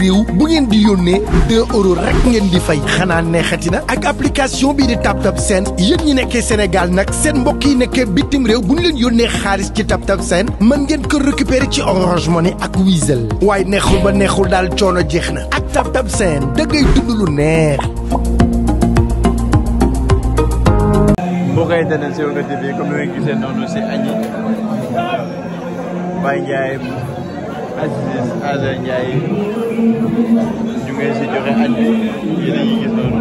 réew bu ngeen di yónnee 2 euros rek ngeen di fay xanaa neexati na ak application bii di TapTap Send yéen ñi nekkee senegal nag seen mbokk yi nekkee bitim réew bu ñu leen yónnee xaalis ci TapTap sen mën ngeen ko récupérer ci Orange ni ak Wizall waaye neexul ba neexul daal coono jeex na ak TapTap Send da ngay dund neex. Aziz Aza Ndiaye ñu ngi si joxe añ yéen a ngi gis noonu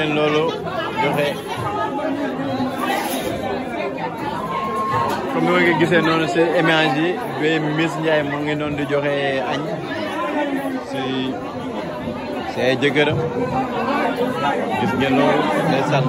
ngeen loolu joxe comme ni ma ko gisee noonu si image yi Miss Ndiaye mu ngi noonu di joxe añ si si ay jëkkëram gis ngeen loolu day sànn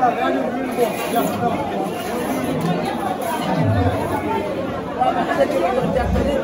Thank you.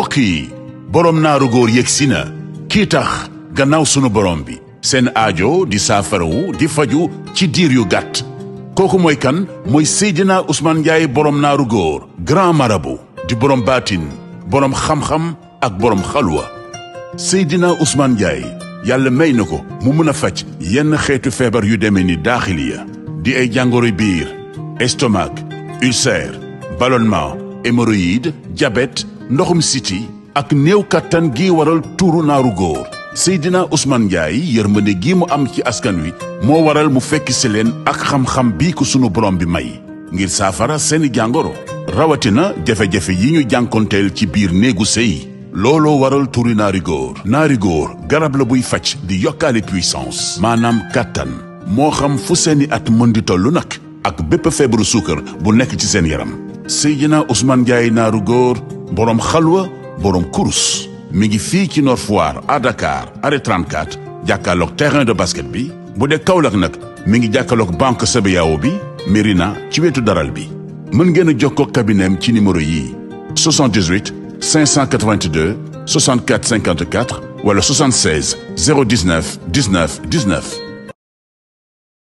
mbokk yi boroom naaru góor yegsi na kii tax gannaaw sunu borom bi seen aajo di saafarawu di faju ci diir yu gàtt kooku mooy kan mooy Seydina usmaan Ndiaye boroom naaru góor grand marabout di boroom baatin boroom xam-xam ak boroom xalwa Seydina usmaan Ndiaye yàlla may na ko mu mën a faj yenn xeetu feebar yu demee ni daaxiliya di ay jàngoro biir estomac ulcère ballonnement hémorroïde diabète ndoxum siti ak néew kattan gi waral tuuru naaru góor Seydina Ousmane Ndiaye yërmande gi mu am ci askan wi moo waral mu fekk si leen ak xam-xam bii ko sunu borom bi may ngir saafara seeni jàngoro rawatina jafe-jafe yi ñu jànkonteel ci biir néegu sëy looloo waral turi naari góor naari góor garab la buy faj di yokkaale puissance maanaam kàttan moo xam fu seeni at mën di tollu nag ak bépp feebaru suukar bu nekk ci seen yaram Seydina Ousmane Ndiaye naaru góor boroom xalwa boroom kurus mi ngi fii ci Nord Foire à Dakar arrêt 34 jàkkaarloog terrain de basket bi bu dee Kaolack nag mi ngi jàkkaarloog banque CBAO bi Mérina ci wetu daral bi mën ngeen a jokkoo kabineem ci numéro yii 78 582 64 54 wala 76 019 19